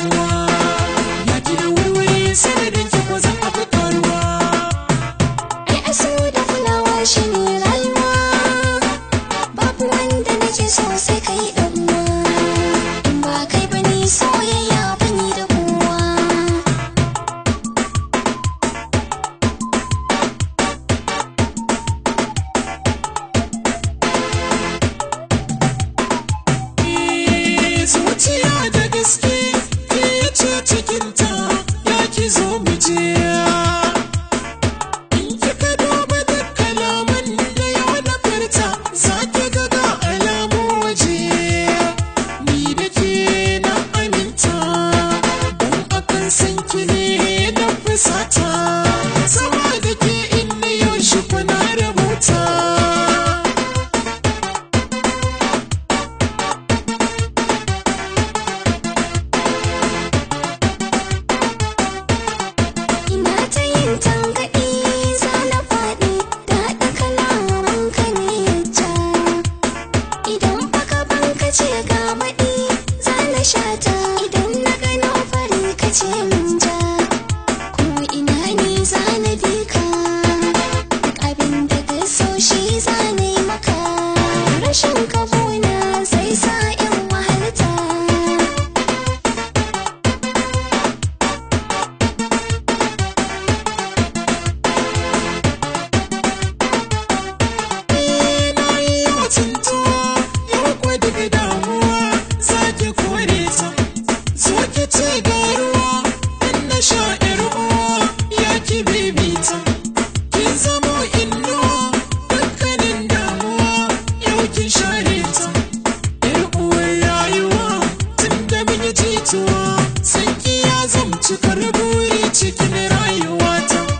Allah sanki ya zamci karbu cikin rayuwata